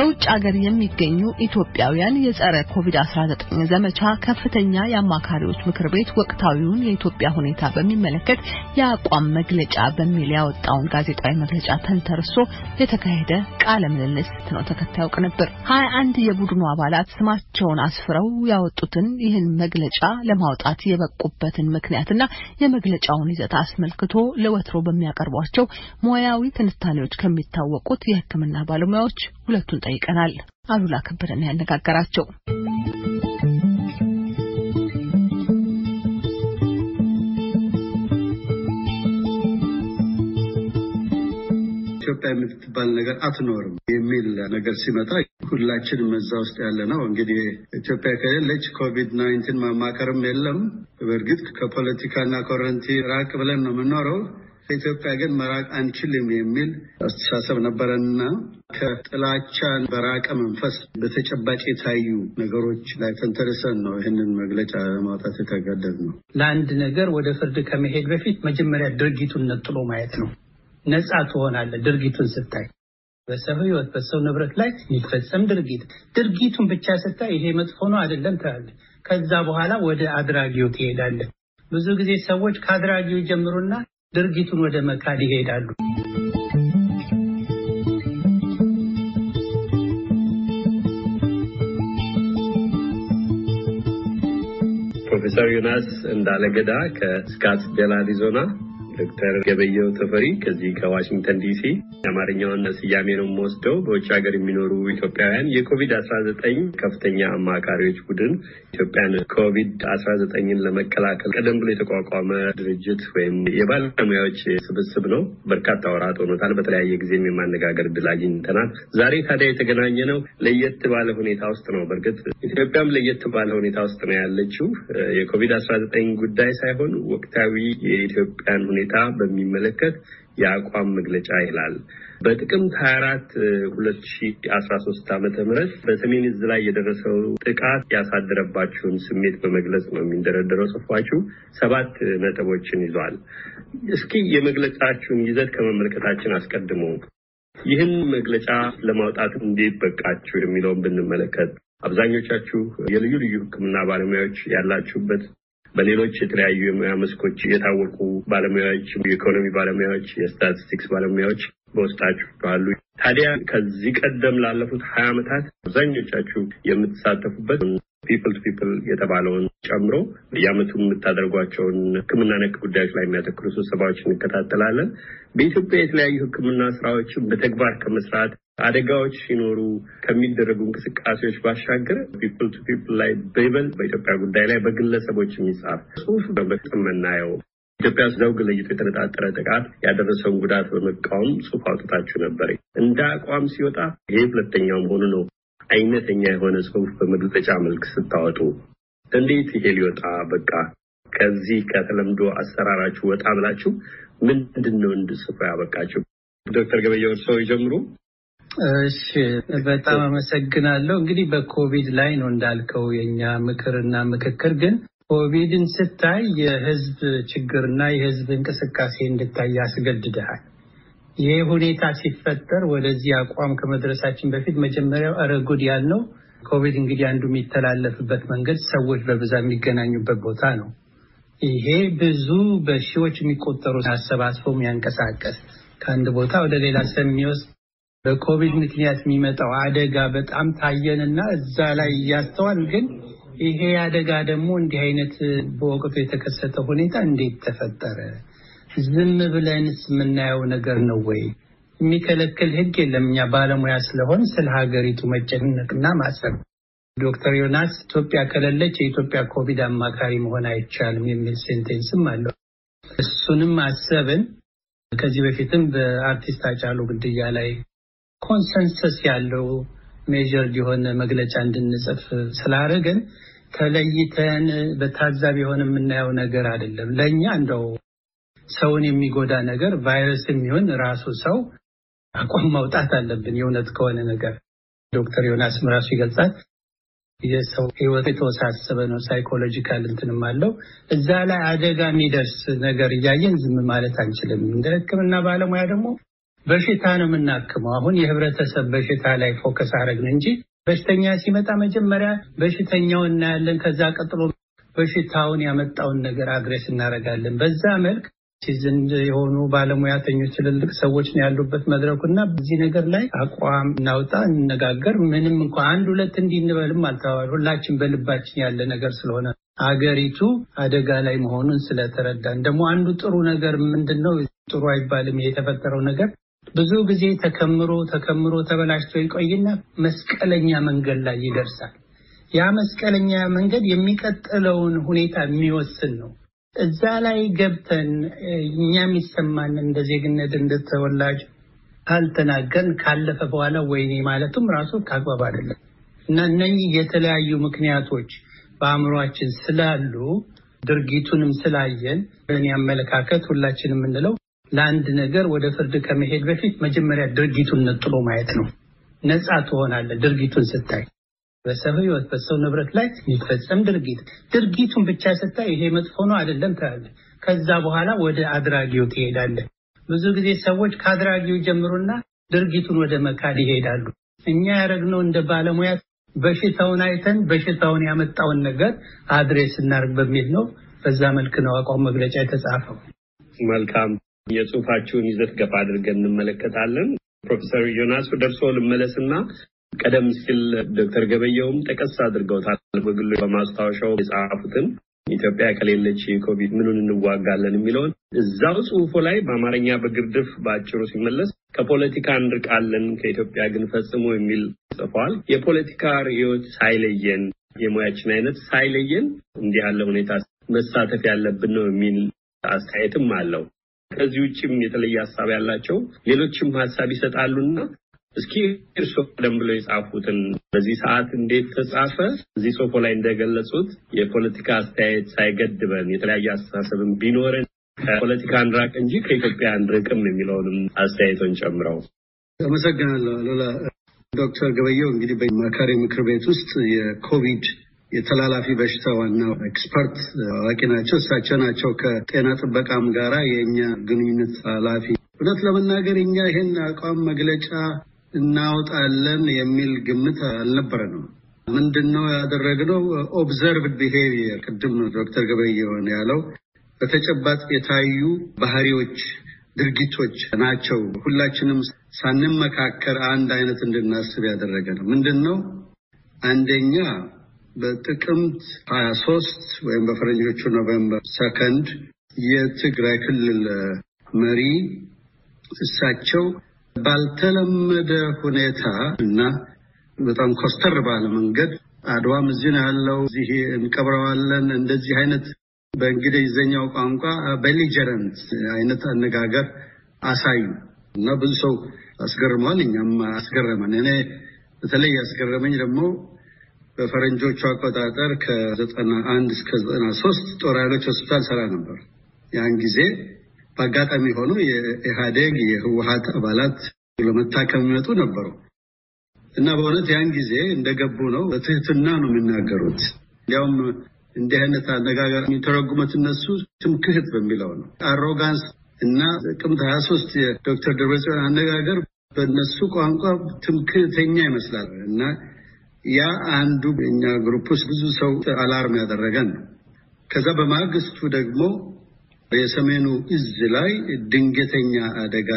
በውጭ ሀገር የሚገኙ ኢትዮጵያውያን የጸረ ኮቪድ-19 ዘመቻ ከፍተኛ የአማካሪዎች ምክር ቤት ወቅታዊውን የኢትዮጵያ ሁኔታ በሚመለከት የአቋም መግለጫ በሚል ያወጣውን ጋዜጣዊ መግለጫ ተንተርሶ የተካሄደ ቃለ ምልልስ ነው ተከታዩ ቅንብር። ሀያ አንድ የቡድኑ አባላት ስማቸውን አስፍረው ያወጡትን ይህን መግለጫ ለማውጣት የበቁበትን ምክንያትና የመግለጫውን ይዘት አስመልክቶ ለወትሮ በሚያቀርቧቸው ሙያዊ ትንታኔዎች ከሚታወቁት የሕክምና ባለሙያዎች ሁለቱን ጠይቀናል። አሉላ ከበደን ያነጋገራቸው ኢትዮጵያ የምትባል ነገር አትኖርም የሚል ነገር ሲመጣ ሁላችንም እዛ ውስጥ ያለ ነው። እንግዲህ ኢትዮጵያ ከሌለች ኮቪድ ናይንቲን ማማከርም የለም። በእርግጥ ከፖለቲካና ኮረንቲ ራቅ ብለን ነው የምኖረው። ከኢትዮጵያ ግን መራቅ አንችልም የሚል አስተሳሰብ ነበረና ከጥላቻ በራቀ መንፈስ በተጨባጭ የታዩ ነገሮች ላይ ተንተርሰን ነው ይህንን መግለጫ ለማውጣት የተገደድ ነው። ለአንድ ነገር ወደ ፍርድ ከመሄድ በፊት መጀመሪያ ድርጊቱን ነጥሎ ማየት ነው። ነፃ ትሆናለህ ድርጊቱን ስታይ በሰው ህይወት በሰው ንብረት ላይ የሚፈጸም ድርጊት ድርጊቱን ብቻ ስታይ ይሄ መጥፎ ነው አይደለም ትላለህ። ከዛ በኋላ ወደ አድራጊው ትሄዳለህ። ብዙ ጊዜ ሰዎች ከአድራጊው ጀምሩና ድርጊቱን ወደ መካድ ይሄዳሉ። ፕሮፌሰር ዮናስ እንዳለገዳ ከስካትስዴል አሪዞና ዶክተር ገበየው ተፈሪ ከዚህ ከዋሽንግተን ዲሲ የአማርኛውን ስያሜ ነው የምወስደው። በውጭ ሀገር የሚኖሩ ኢትዮጵያውያን የኮቪድ አስራ ዘጠኝ ከፍተኛ አማካሪዎች ቡድን ኢትዮጵያን ኮቪድ አስራ ዘጠኝን ለመከላከል ቀደም ብሎ የተቋቋመ ድርጅት ወይም የባለሙያዎች ስብስብ ነው። በርካታ ወራት ሆኖታል። በተለያየ ጊዜም የማነጋገር እድል አግኝተናል። ዛሬ ታዲያ የተገናኘ ነው ለየት ባለ ሁኔታ ውስጥ ነው። በእርግጥ ኢትዮጵያም ለየት ባለ ሁኔታ ውስጥ ነው ያለችው የኮቪድ አስራ ዘጠኝ ጉዳይ ሳይሆን ወቅታዊ የኢትዮጵያን ሁኔታ ሁኔታ በሚመለከት የአቋም መግለጫ ይላል። በጥቅምት 24 2013 ዓ ም በሰሜን ዕዝ ላይ የደረሰው ጥቃት ያሳደረባችሁን ስሜት በመግለጽ ነው የሚንደረደረው ጽሑፋችሁ። ሰባት ነጥቦችን ይዟል። እስኪ የመግለጫችሁን ይዘት ከመመልከታችን አስቀድሞ ይህን መግለጫ ለማውጣት እንዴት በቃችሁ የሚለውን ብንመለከት አብዛኞቻችሁ የልዩ ልዩ ሕክምና ባለሙያዎች ያላችሁበት በሌሎች የተለያዩ የሙያ መስኮች የታወቁ ባለሙያዎች፣ የኢኮኖሚ ባለሙያዎች፣ የስታቲስቲክስ ባለሙያዎች በውስጣችሁ አሉ። ታዲያ ከዚህ ቀደም ላለፉት ሀያ ዓመታት አብዛኞቻችሁ የምትሳተፉበት ፒፕል ቱ ፒፕል የተባለውን ጨምሮ የአመቱ የምታደርጓቸውን ሕክምና ነክ ጉዳዮች ላይ የሚያተክሩ ስብሰባዎች እንከታተላለን። በኢትዮጵያ የተለያዩ ሕክምና ስራዎችን በተግባር ከመስራት አደጋዎች ሲኖሩ ከሚደረጉ እንቅስቃሴዎች ባሻገር ፒፕል ቱ ፒፕል ላይ በይበል በኢትዮጵያ ጉዳይ ላይ በግለሰቦች የሚጻፍ ጽሁፍ በበጥ የምናየው ኢትዮጵያ ውስጥ ዘውግ ለይቶ የተነጣጠረ ጥቃት ያደረሰውን ጉዳት በመቃወም ጽሁፍ አውጥታችሁ ነበር። እንደ አቋም ሲወጣ ይሄ ሁለተኛው መሆኑ ነው። አይነተኛ የሆነ ጽሁፍ በመግለጫ መልክ ስታወጡ እንዴት ይሄ ሊወጣ በቃ ከዚህ ከተለምዶ አሰራራችሁ ወጣ ብላችሁ ምንድን ነው ያበቃችሁ? ዶክተር ገበያው እርስዎ ይጀምሩ። እሺ በጣም አመሰግናለሁ። እንግዲህ በኮቪድ ላይ ነው እንዳልከው የእኛ ምክርና ምክክር ግን ኮቪድን ስታይ የህዝብ ችግርና የህዝብ እንቅስቃሴ እንድታይ ያስገድድሃል። ይህ ሁኔታ ሲፈጠር ወደዚህ አቋም ከመድረሳችን በፊት መጀመሪያው እረ ጉድ ያልነው ኮቪድ እንግዲህ አንዱ የሚተላለፍበት መንገድ ሰዎች በብዛት የሚገናኙበት ቦታ ነው። ይሄ ብዙ በሺዎች የሚቆጠሩ አሰባስበው የሚያንቀሳቀስ ከአንድ ቦታ ወደ ሌላ ሰሚወስድ በኮቪድ ምክንያት የሚመጣው አደጋ በጣም ታየንና እዛ ላይ እያስተዋል ግን ይሄ አደጋ ደግሞ እንዲህ አይነት በወቅቱ የተከሰተ ሁኔታ እንዴት ተፈጠረ ዝም ብለንስ የምናየው ነገር ነው ወይ? የሚከለክል ህግ የለም። እኛ ባለሙያ ስለሆን ስለ ሀገሪቱ መጨነቅና ማሰብ። ዶክተር ዮናስ ኢትዮጵያ ከሌለች የኢትዮጵያ ኮቪድ አማካሪ መሆን አይቻልም የሚል ሴንቴንስም አለው። እሱንም አሰብን። ከዚህ በፊትም በአርቲስት አጫሉ ግድያ ላይ ኮንሰንሰስ ያለው ሜጀር የሆነ መግለጫ እንድንጽፍ ስላደረገን ተለይተን በታዛቢ የሆነ የምናየው ነገር አይደለም ለእኛ እንደው ሰውን የሚጎዳ ነገር ቫይረስ የሚሆን ራሱ ሰው አቋም ማውጣት አለብን። የእውነት ከሆነ ነገር ዶክተር ዮናስም ራሱ ይገልጻል። የሰው ህይወት የተወሳሰበ ነው፣ ሳይኮሎጂካል እንትንም አለው። እዛ ላይ አደጋ የሚደርስ ነገር እያየን ዝም ማለት አንችልም። እንደ ሕክምና ባለሙያ ደግሞ በሽታ ነው የምናክመው። አሁን የህብረተሰብ በሽታ ላይ ፎከስ አረግን እንጂ በሽተኛ ሲመጣ መጀመሪያ በሽተኛው እናያለን። ከዛ ቀጥሎ በሽታውን ያመጣውን ነገር አግሬስ እናደርጋለን። በዛ መልክ ዘንድ የሆኑ ባለሙያተኞች ትልልቅ ሰዎች ነው ያሉበት መድረኩ እና በዚህ ነገር ላይ አቋም እናውጣ፣ እንነጋገር። ምንም እንኳ አንድ ሁለት እንዲህ እንበልም ሁላችን በልባችን ያለ ነገር ስለሆነ አገሪቱ አደጋ ላይ መሆኑን ስለተረዳን ደግሞ አንዱ ጥሩ ነገር ምንድን ነው? ጥሩ አይባልም የተፈጠረው ነገር ብዙ ጊዜ ተከምሮ ተከምሮ ተበላሽቶ ይቆይና መስቀለኛ መንገድ ላይ ይደርሳል። ያ መስቀለኛ መንገድ የሚቀጥለውን ሁኔታ የሚወስን ነው። እዛ ላይ ገብተን እኛ የሚሰማን እንደ ዜግነት እንደተወላጅ ካልተናገርን ካለፈ በኋላ ወይኔ ማለቱም ራሱ ከአግባብ አይደለም እና እነኚህ የተለያዩ ምክንያቶች በአእምሯችን ስላሉ ድርጊቱንም ስላየን በእኔ አመለካከት ሁላችን የምንለው ለአንድ ነገር ወደ ፍርድ ከመሄድ በፊት መጀመሪያ ድርጊቱን ነጥሎ ማየት ነው። ነጻ ትሆናለ ድርጊቱን ስታይ። በሰው ህይወት በሰው ንብረት ላይ የሚፈጸም ድርጊት ድርጊቱን ብቻ ስታይ ይሄ መጥፎ ነው አይደለም ትላለ። ከዛ በኋላ ወደ አድራጊው ትሄዳለ። ብዙ ጊዜ ሰዎች ከአድራጊው ጀምሩና ድርጊቱን ወደ መካድ ይሄዳሉ። እኛ ያደረግነው እንደ ባለሙያ በሽታውን አይተን በሽታውን ያመጣውን ነገር አድሬስ እናርግ በሚል ነው። በዛ መልክ ነው አቋም መግለጫ የተጻፈው። መልካም የጽሁፋችሁን ይዘት ገፋ አድርገን እንመለከታለን። ፕሮፌሰር ዮናስ ደርሶ ልመለስና ቀደም ሲል ዶክተር ገበየውም ጠቀስ አድርገውታል። በግሎ በማስታወሻው የጻፉትን ኢትዮጵያ ከሌለች ኮቪድ ምኑን እንዋጋለን የሚለውን እዛው ጽሁፎ ላይ በአማርኛ በግርድፍ በአጭሩ ሲመለስ ከፖለቲካ እንርቃለን ከኢትዮጵያ ግን ፈጽሞ የሚል ጽፏል። የፖለቲካ ርዕዮት ሳይለየን የሙያችን አይነት ሳይለየን እንዲህ ያለ ሁኔታ መሳተፍ ያለብን ነው የሚል አስተያየትም አለው። ከዚህ ውጭም የተለየ ሀሳብ ያላቸው ሌሎችም ሀሳብ ይሰጣሉና እስኪ እርስዎ ቀደም ብሎ የጻፉትን በዚህ ሰዓት እንዴት ተጻፈ? እዚህ ጽሑፎ ላይ እንደገለጹት የፖለቲካ አስተያየት ሳይገድበን የተለያየ አስተሳሰብን ቢኖረን ከፖለቲካ እንራቅ እንጂ ከኢትዮጵያ አንርቅም የሚለውንም አስተያየቶን ጨምረው አመሰግናለሁ። አሉላ ዶክተር ገበየው እንግዲህ በማካሪ ምክር ቤት ውስጥ የኮቪድ የተላላፊ በሽታ ዋና ኤክስፐርት አዋቂ ናቸው። እሳቸው ናቸው ከጤና ጥበቃም ጋራ የእኛ ግንኙነት ኃላፊ። እውነት ለመናገር እኛ ይህን አቋም መግለጫ እናወጣለን የሚል ግምት አልነበረንም። ምንድን ነው ያደረግነው? ኦብዘርቭድ ቢሄቪየር ቅድም ዶክተር ገበየሁ ያለው በተጨባጥ የታዩ ባህሪዎች፣ ድርጊቶች ናቸው። ሁላችንም ሳንመካከር አንድ አይነት እንድናስብ ያደረገ ነው። ምንድን ነው አንደኛ በጥቅምት ሀያ ሶስት ወይም በፈረንጆቹ ኖቬምበር ሰከንድ የትግራይ ክልል መሪ እሳቸው ባልተለመደ ሁኔታ እና በጣም ኮስተር ባለ መንገድ አድዋም እዚህ ነው ያለው፣ እዚህ እንቀብረዋለን፣ እንደዚህ አይነት በእንግሊዝኛው ቋንቋ በሊጀረንት አይነት አነጋገር አሳዩ እና ብዙ ሰው አስገርመዋል። እኛም አስገረመን። እኔ በተለይ ያስገረመኝ ደግሞ በፈረንጆቹ አቆጣጠር ከዘጠና አንድ እስከ ዘጠና ሶስት ጦር ኃይሎች ሆስፒታል ሰራ ነበር። ያን ጊዜ በአጋጣሚ ሆኖ የኢህአዴግ የህወሀት አባላት ለመታከም የሚመጡ ነበሩ እና በእውነት ያን ጊዜ እንደገቡ ነው በትህትና ነው የሚናገሩት። እንዲያውም እንዲህ አይነት አነጋገር የሚተረጉመት እነሱ ትምክህት በሚለው ነው። አሮጋንስ እና ጥቅምት ሀያ ሶስት የዶክተር ደብረጽዮን አነጋገር በእነሱ ቋንቋ ትምክህተኛ ይመስላል እና ያ አንዱ እኛ ግሩፕ ውስጥ ብዙ ሰው አላርም ያደረገን ነው። ከዛ በማግስቱ ደግሞ የሰሜኑ እዝ ላይ ድንገተኛ አደጋ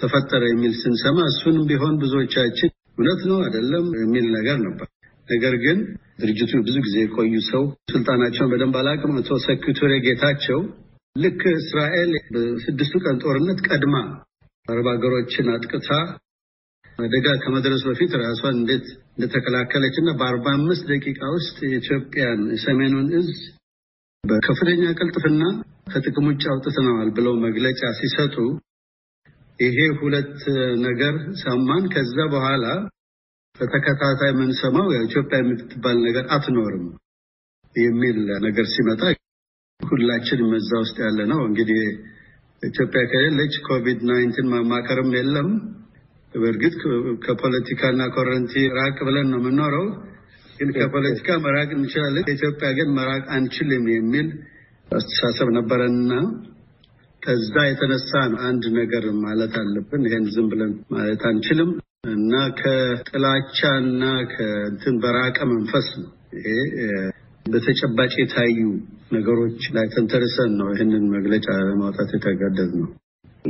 ተፈጠረ የሚል ስንሰማ እሱንም ቢሆን ብዙዎቻችን እውነት ነው አይደለም የሚል ነገር ነበር። ነገር ግን ድርጅቱ ብዙ ጊዜ የቆዩ ሰው ስልጣናቸውን በደንብ አላቅም ቶ ሴኩቱሬ ጌታቸው ልክ እስራኤል በስድስቱ ቀን ጦርነት ቀድማ አረብ ሀገሮችን አጥቅታ አደጋ ከመድረሱ በፊት ራሷን እንዴት እንደተከላከለች እና በአርባ አምስት ደቂቃ ውስጥ የኢትዮጵያን የሰሜኑን እዝ በከፍተኛ ቅልጥፍና ከጥቅም ውጭ አውጥተነዋል ብለው መግለጫ ሲሰጡ ይሄ ሁለት ነገር ሰማን። ከዛ በኋላ በተከታታይ የምንሰማው ኢትዮጵያ የምትባል ነገር አትኖርም የሚል ነገር ሲመጣ ሁላችንም እዛ ውስጥ ያለ ነው። እንግዲህ ኢትዮጵያ ከሌለች ኮቪድ ናይንቲን ማማከርም የለም። በእርግጥ ከፖለቲካና ኮረንቲ ራቅ ብለን ነው የምኖረው ግን ከፖለቲካ መራቅ እንችላለን። ኢትዮጵያ ግን መራቅ አንችልም የሚል አስተሳሰብ ነበረንና ከዛ የተነሳ አንድ ነገር ማለት አለብን። ይህን ዝም ብለን ማለት አንችልም እና ከጥላቻና ከእንትን በራቀ መንፈስ ነው ይሄ በተጨባጭ የታዩ ነገሮች ላይ ተንተርሰን ነው ይህንን መግለጫ ለማውጣት የተጋደዝ ነው።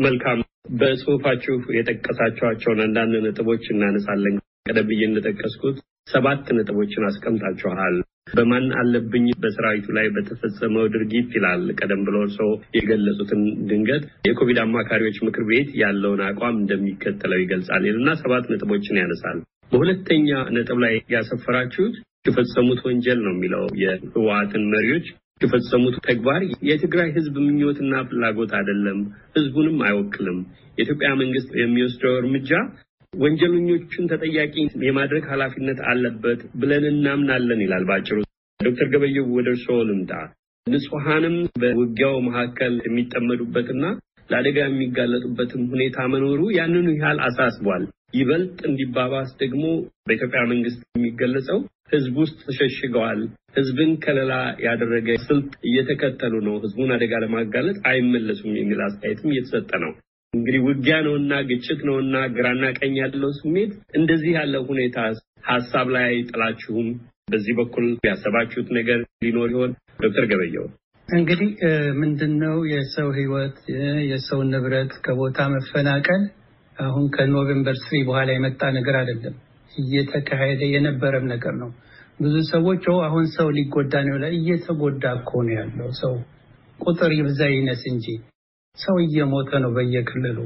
መልካም። በጽሁፋችሁ የጠቀሳችኋቸውን አንዳንድ ነጥቦች እናነሳለን። ቀደም ብዬ እንደጠቀስኩት ሰባት ነጥቦችን አስቀምጣችኋል። በማን አለብኝ በሰራዊቱ ላይ በተፈጸመው ድርጊት ይላል። ቀደም ብሎ እርስዎ የገለጹትን ድንገት የኮቪድ አማካሪዎች ምክር ቤት ያለውን አቋም እንደሚከተለው ይገልጻል ይልና ሰባት ነጥቦችን ያነሳል። በሁለተኛ ነጥብ ላይ ያሰፈራችሁት የፈጸሙት ወንጀል ነው የሚለው የህወሓትን መሪዎች የፈጸሙት ተግባር የትግራይ ህዝብ ምኞትና ፍላጎት አይደለም፣ ህዝቡንም አይወክልም። የኢትዮጵያ መንግስት የሚወስደው እርምጃ ወንጀለኞቹን ተጠያቂ የማድረግ ኃላፊነት አለበት ብለን እናምናለን ይላል በአጭሩ። ዶክተር ገበየው ወደ እርስዎ ልምጣ። ንጹሐንም በውጊያው መካከል የሚጠመዱበትና ለአደጋ የሚጋለጡበትም ሁኔታ መኖሩ ያንኑ ያህል አሳስቧል። ይበልጥ እንዲባባስ ደግሞ በኢትዮጵያ መንግስት የሚገለጸው ህዝብ ውስጥ ተሸሽገዋል፣ ህዝብን ከለላ ያደረገ ስልት እየተከተሉ ነው፣ ህዝቡን አደጋ ለማጋለጥ አይመለሱም የሚል አስተያየትም እየተሰጠ ነው። እንግዲህ ውጊያ ነውና ግጭት ነውና ግራና ቀኝ ያለው ስሜት እንደዚህ ያለው ሁኔታ ሀሳብ ላይ አይጥላችሁም? በዚህ በኩል ያሰባችሁት ነገር ሊኖር ይሆን? ዶክተር ገበየው እንግዲህ ምንድን ነው የሰው ህይወት የሰው ንብረት ከቦታ መፈናቀል አሁን ከኖቬምበር ስሪ በኋላ የመጣ ነገር አይደለም። እየተካሄደ የነበረም ነገር ነው። ብዙ ሰዎች አሁን ሰው ሊጎዳ ነው ላይ እየተጎዳ እኮ ነው ያለው ሰው ቁጥር ይብዛ ይነስ እንጂ ሰው እየሞተ ነው በየክልሉ።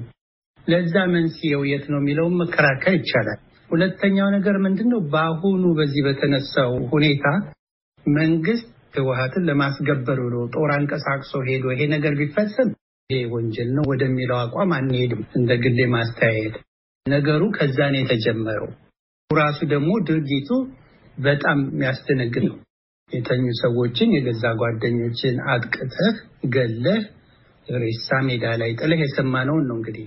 ለዛ መንስኤው የት ነው የሚለውን መከራከር ይቻላል። ሁለተኛው ነገር ምንድን ነው? በአሁኑ በዚህ በተነሳው ሁኔታ መንግስት ህወሀትን ለማስገበር ብሎ ጦር አንቀሳቅሶ ሄዶ ይሄ ነገር ቢፈጸም ይሄ ወንጀል ነው ወደሚለው አቋም አንሄድም። እንደ ግሌ ማስተያየት ነገሩ ከዛ ነው የተጀመረው። ራሱ ደግሞ ድርጊቱ በጣም የሚያስደነግጥ ነው። የተኙ ሰዎችን የገዛ ጓደኞችን አጥቅተህ ገለህ ሬሳ ሜዳ ላይ ጥለህ የሰማነውን ነው እንግዲህ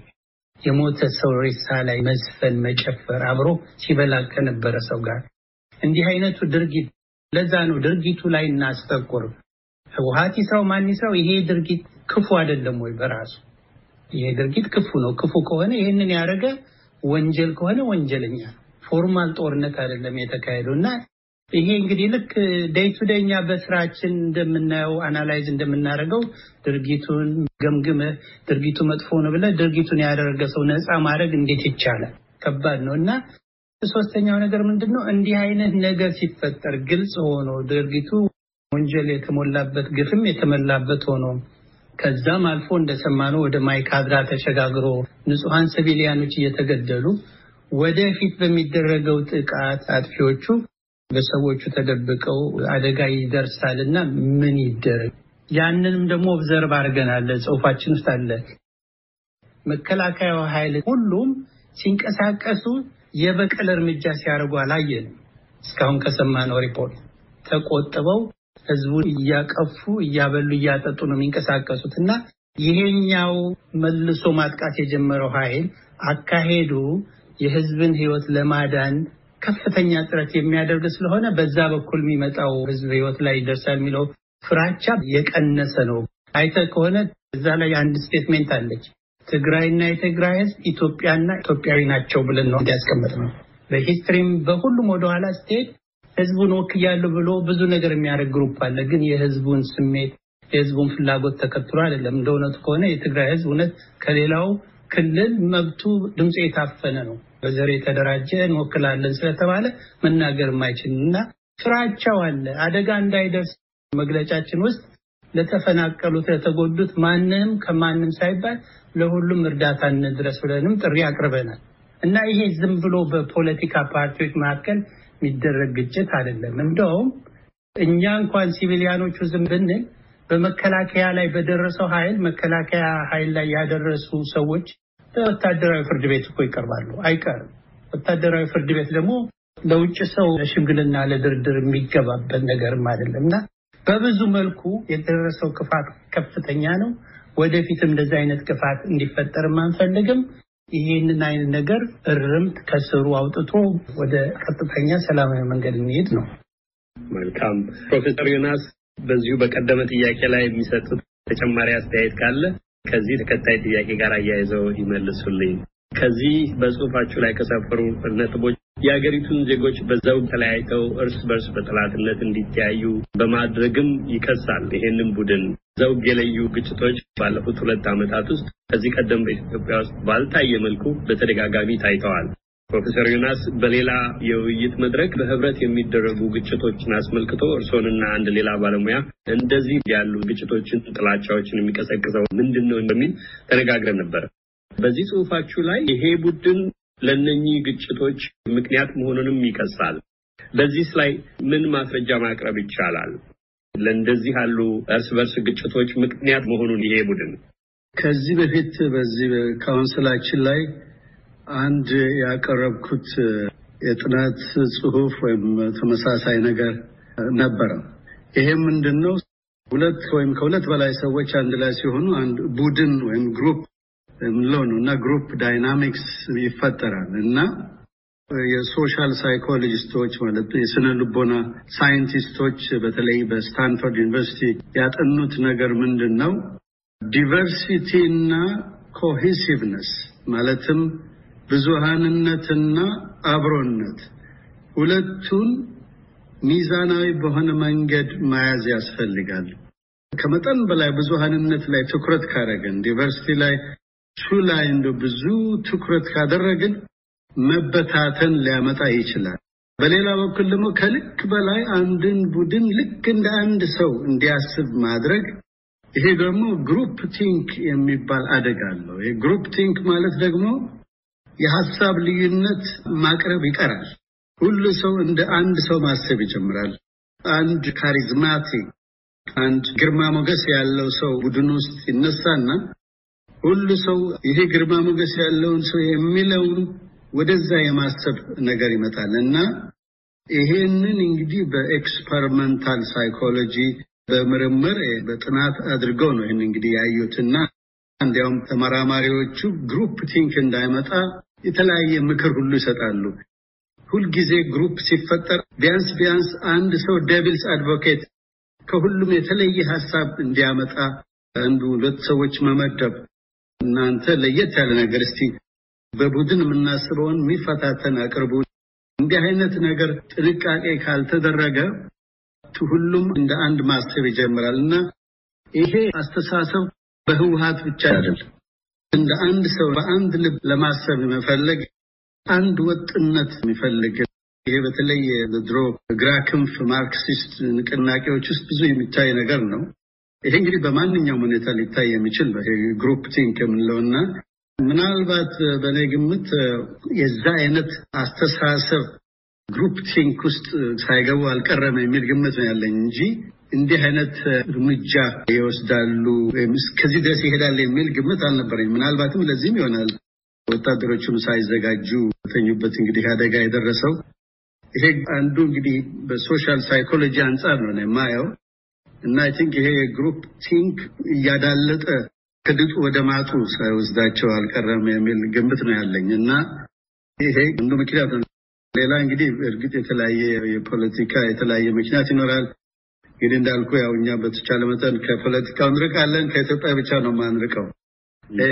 የሞተ ሰው ሬሳ ላይ መዝፈን፣ መጨፈር አብሮ ሲበላ ከነበረ ሰው ጋር እንዲህ አይነቱ ድርጊት ለዛ ነው ድርጊቱ ላይ እናስጠቁር። ህወሀት ይስራው ማን ይስራው ይሄ ድርጊት ክፉ አይደለም ወይ? በራሱ ይሄ ድርጊት ክፉ ነው። ክፉ ከሆነ ይህንን ያደረገ ወንጀል ከሆነ ወንጀለኛ። ፎርማል ጦርነት አይደለም የተካሄደው እና ይሄ እንግዲህ ልክ ደይ ቱ እኛ በስራችን እንደምናየው አናላይዝ እንደምናደርገው ድርጊቱን ገምግመህ ድርጊቱ መጥፎ ነው ብለህ ድርጊቱን ያደረገ ሰው ነፃ ማድረግ እንዴት ይቻላል? ከባድ ነው እና ሶስተኛው ነገር ምንድን ነው? እንዲህ አይነት ነገር ሲፈጠር ግልጽ ሆኖ ድርጊቱ ወንጀል የተሞላበት ግፍም የተሞላበት ሆኖ ከዛም አልፎ እንደሰማነው ወደ ማይካድራ ተሸጋግሮ ንጹሐን ሲቪሊያኖች እየተገደሉ ወደፊት በሚደረገው ጥቃት አጥፊዎቹ በሰዎቹ ተደብቀው አደጋ ይደርሳልና ምን ይደረግ? ያንንም ደግሞ ኦብዘርቭ አድርገናል። ጽሁፋችን ውስጥ አለ። መከላከያው ኃይል ሁሉም ሲንቀሳቀሱ የበቀል እርምጃ ሲያደርጉ አላየንም። እስካሁን ከሰማነው ሪፖርት ተቆጥበው ህዝቡን እያቀፉ እያበሉ እያጠጡ ነው የሚንቀሳቀሱት እና ይሄኛው መልሶ ማጥቃት የጀመረው ኃይል አካሄዱ የህዝብን ህይወት ለማዳን ከፍተኛ ጥረት የሚያደርግ ስለሆነ በዛ በኩል የሚመጣው ህዝብ ህይወት ላይ ይደርሳል የሚለው ፍራቻ የቀነሰ ነው። አይተ ከሆነ እዛ ላይ አንድ ስቴትሜንት አለች። ትግራይና የትግራይ ህዝብ ኢትዮጵያና ኢትዮጵያዊ ናቸው ብለን ነው እንዲያስቀምጥ ነው። በሂስትሪም በሁሉም ወደኋላ ስትሄድ ህዝቡን ወክያለሁ ብሎ ብዙ ነገር የሚያደርግ ግሩፕ አለ። ግን የህዝቡን ስሜት የህዝቡን ፍላጎት ተከትሎ አይደለም። እንደ እውነቱ ከሆነ የትግራይ ህዝብ እውነት ከሌላው ክልል መብቱ ድምፁ የታፈነ ነው። በዘር የተደራጀ እንወክላለን ስለተባለ መናገር የማይችል እና ፍራቻው አለ። አደጋ እንዳይደርስ መግለጫችን ውስጥ ለተፈናቀሉት፣ ለተጎዱት ማንም ከማንም ሳይባል ለሁሉም እርዳታ እንድረስ ብለንም ጥሪ አቅርበናል እና ይሄ ዝም ብሎ በፖለቲካ ፓርቲዎች መካከል የሚደረግ ግጭት አይደለም። እንደውም እኛ እንኳን ሲቪሊያኖቹ ዝም ብንል በመከላከያ ላይ በደረሰው ኃይል መከላከያ ኃይል ላይ ያደረሱ ሰዎች ለወታደራዊ ፍርድ ቤት እኮ ይቀርባሉ። አይቀርም። ወታደራዊ ፍርድ ቤት ደግሞ ለውጭ ሰው ለሽምግልና ለድርድር የሚገባበት ነገርም አይደለም እና በብዙ መልኩ የደረሰው ክፋት ከፍተኛ ነው። ወደፊትም እንደዚህ አይነት ክፋት እንዲፈጠርም አንፈልግም። ይህንን አይነት ነገር እርምት ከስሩ አውጥቶ ወደ ቀጥተኛ ሰላማዊ መንገድ እንሄድ ነው። መልካም ፕሮፌሰር ዮናስ በዚሁ በቀደመ ጥያቄ ላይ የሚሰጡት ተጨማሪ አስተያየት ካለ ከዚህ ተከታይ ጥያቄ ጋር አያይዘው ይመልሱልኝ። ከዚህ በጽሁፋችሁ ላይ ከሰፈሩ ነጥቦች የሀገሪቱን ዜጎች በዘውግ ተለያይተው እርስ በርስ በጠላትነት እንዲተያዩ በማድረግም ይከሳል። ይሄንን ቡድን ዘውግ የለዩ ግጭቶች ባለፉት ሁለት ዓመታት ውስጥ ከዚህ ቀደም በኢትዮጵያ ውስጥ ባልታየ መልኩ በተደጋጋሚ ታይተዋል። ፕሮፌሰር ዮናስ በሌላ የውይይት መድረክ በህብረት የሚደረጉ ግጭቶችን አስመልክቶ እርስዎንና አንድ ሌላ ባለሙያ እንደዚህ ያሉ ግጭቶችን፣ ጥላቻዎችን የሚቀሰቅሰው ምንድን ነው በሚል ተነጋግረን ነበር። በዚህ ጽሁፋችሁ ላይ ይሄ ቡድን ለእነኚህ ግጭቶች ምክንያት መሆኑንም ይከሳል። በዚህስ ላይ ምን ማስረጃ ማቅረብ ይቻላል? ለእንደዚህ ያሉ እርስ በርስ ግጭቶች ምክንያት መሆኑን ይሄ ቡድን ከዚህ በፊት በዚህ ካውንስላችን ላይ አንድ ያቀረብኩት የጥናት ጽሁፍ ወይም ተመሳሳይ ነገር ነበረ። ይሄም ምንድን ነው? ሁለት ወይም ከሁለት በላይ ሰዎች አንድ ላይ ሲሆኑ አንድ ቡድን ወይም ግሩፕ የምንለው ነው እና ግሩፕ ዳይናሚክስ ይፈጠራል እና የሶሻል ሳይኮሎጂስቶች ማለት የስነ ልቦና ሳይንቲስቶች በተለይ በስታንፎርድ ዩኒቨርሲቲ ያጠኑት ነገር ምንድን ነው? ዲቨርሲቲ እና ኮሂሲቭነስ ማለትም ብዙሃንነትና አብሮነት ሁለቱን ሚዛናዊ በሆነ መንገድ መያዝ ያስፈልጋል። ከመጠን በላይ ብዙሃንነት ላይ ትኩረት ካደረግን፣ ዲቨርሲቲ ላይ ሱ ላይ እንደ ብዙ ትኩረት ካደረግን መበታተን ሊያመጣ ይችላል። በሌላ በኩል ደግሞ ከልክ በላይ አንድን ቡድን ልክ እንደ አንድ ሰው እንዲያስብ ማድረግ ይሄ ደግሞ ግሩፕ ቲንክ የሚባል አደጋ አለው። ይሄ ግሩፕ ቲንክ ማለት ደግሞ የሀሳብ ልዩነት ማቅረብ ይቀራል። ሁሉ ሰው እንደ አንድ ሰው ማሰብ ይጀምራል። አንድ ካሪዝማቲክ፣ አንድ ግርማ ሞገስ ያለው ሰው ቡድን ውስጥ ይነሳና ሁሉ ሰው ይሄ ግርማ ሞገስ ያለውን ሰው የሚለውን ወደዛ የማሰብ ነገር ይመጣል እና ይሄንን እንግዲህ በኤክስፐሪመንታል ሳይኮሎጂ በምርምር በጥናት አድርገው ነው ይህን እንግዲህ ያዩትና እንዲያውም ተመራማሪዎቹ ግሩፕ ቲንክ እንዳይመጣ የተለያየ ምክር ሁሉ ይሰጣሉ። ሁልጊዜ ግሩፕ ሲፈጠር ቢያንስ ቢያንስ አንድ ሰው ደቪልስ አድቮኬት ከሁሉም የተለየ ሀሳብ እንዲያመጣ አንዱ ሁለት ሰዎች መመደብ፣ እናንተ ለየት ያለ ነገር እስቲ በቡድን የምናስበውን የሚፈታተን አቅርቡ። እንዲህ አይነት ነገር ጥንቃቄ ካልተደረገ ሁሉም እንደ አንድ ማሰብ ይጀምራል እና ይሄ አስተሳሰብ በህወሀት ብቻ አይደለም። እንደ አንድ ሰው በአንድ ልብ ለማሰብ መፈለግ አንድ ወጥነት የሚፈልግ ይሄ በተለይ ድሮ ግራ ክንፍ ማርክሲስት ንቅናቄዎች ውስጥ ብዙ የሚታይ ነገር ነው። ይሄ እንግዲህ በማንኛውም ሁኔታ ሊታይ የሚችል ግሩፕ ቲንክ የምንለውና ምናልባት በእኔ ግምት የዛ አይነት አስተሳሰብ ግሩፕ ቲንክ ውስጥ ሳይገቡ አልቀረም የሚል ግምት ነው ያለኝ እንጂ እንዲህ አይነት እርምጃ ይወስዳሉ ወይም እስከዚህ ድረስ ይሄዳል የሚል ግምት አልነበረኝ። ምናልባትም ለዚህም ይሆናል ወታደሮቹም ሳይዘጋጁ ተኙበት እንግዲህ አደጋ የደረሰው ይሄ አንዱ እንግዲህ በሶሻል ሳይኮሎጂ አንጻር ነው የማየው እና አይ ቲንክ ይሄ የግሩፕ ቲንክ እያዳለጠ ከድጡ ወደ ማጡ ሳይወስዳቸው አልቀረም የሚል ግምት ነው ያለኝ እና ይሄ አንዱ ምክንያት ነው። ሌላ እንግዲህ እርግጥ የተለያየ የፖለቲካ የተለያየ ምክንያት ይኖራል። እንግዲህ እንዳልኩ ያው እኛ በተቻለ መጠን ከፖለቲካው እንርቃለን። ከኢትዮጵያ ብቻ ነው የማንርቀው።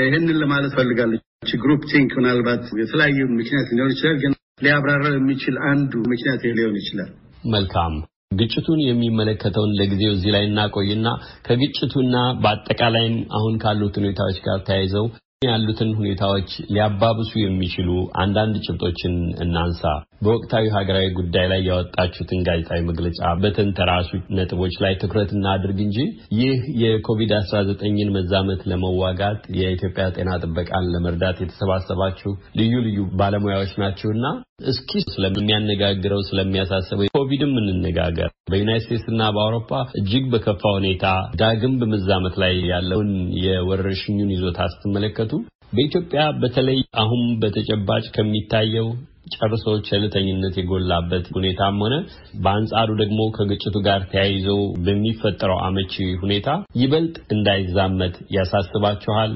ይህንን ለማለት ፈልጋለች። ግሩፕ ቲንክ ምናልባት የተለያዩ ምክንያት ሊሆን ይችላል፣ ግን ሊያብራራው የሚችል አንዱ ምክንያት ሊሆን ይችላል። መልካም ግጭቱን የሚመለከተውን ለጊዜው እዚህ ላይ እናቆይና ከግጭቱና በአጠቃላይም አሁን ካሉት ሁኔታዎች ጋር ተያይዘው ያሉትን ሁኔታዎች ሊያባብሱ የሚችሉ አንዳንድ ጭብጦችን እናንሳ። በወቅታዊ ሀገራዊ ጉዳይ ላይ ያወጣችሁትን ጋዜጣዊ መግለጫ በተንተራሱ ነጥቦች ላይ ትኩረት እናድርግ እንጂ ይህ የኮቪድ-19ን መዛመት ለመዋጋት የኢትዮጵያ ጤና ጥበቃን ለመርዳት የተሰባሰባችሁ ልዩ ልዩ ባለሙያዎች ናችሁና እስኪ ስለሚያነጋግረው ስለሚያሳስበው ኮቪድም እንነጋገር። በዩናይት ስቴትስ እና በአውሮፓ እጅግ በከፋ ሁኔታ ዳግም በመዛመት ላይ ያለውን የወረርሽኙን ይዞታ ስትመለከቱ በኢትዮጵያ በተለይ አሁን በተጨባጭ ከሚታየው ጨርሶ ቸልተኝነት የጎላበት ሁኔታም ሆነ በአንጻሩ ደግሞ ከግጭቱ ጋር ተያይዞ በሚፈጠረው አመቺ ሁኔታ ይበልጥ እንዳይዛመት ያሳስባችኋል?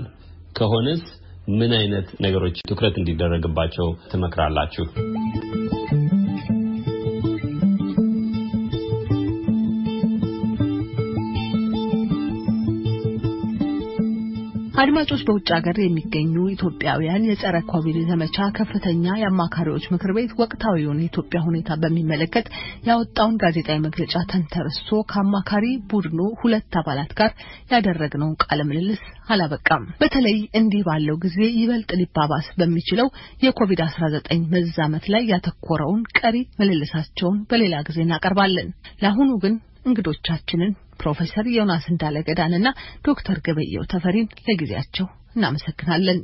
ከሆነስ ምን አይነት ነገሮች ትኩረት እንዲደረግባቸው ትመክራላችሁ? አድማጮች በውጭ ሀገር የሚገኙ ኢትዮጵያውያን የጸረ ኮቪድ ዘመቻ ከፍተኛ የአማካሪዎች ምክር ቤት ወቅታዊውን የኢትዮጵያ ሁኔታ በሚመለከት ያወጣውን ጋዜጣዊ መግለጫ ተንተርሶ ከአማካሪ ቡድኑ ሁለት አባላት ጋር ያደረግነውን ቃለ ምልልስ አላበቃም። በተለይ እንዲህ ባለው ጊዜ ይበልጥ ሊባባስ በሚችለው የኮቪድ-19 መዛመት ላይ ያተኮረውን ቀሪ ምልልሳቸውን በሌላ ጊዜ እናቀርባለን። ለአሁኑ ግን እንግዶቻችንን ፕሮፌሰር ዮናስ እንዳለገዳንና ዶክተር ገበየው ተፈሪን ለጊዜያቸው እናመሰግናለን።